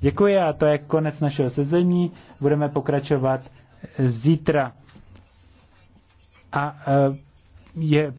Děkuji a to je konec našeho sezení. Budeme pokračovat zítra. A e, je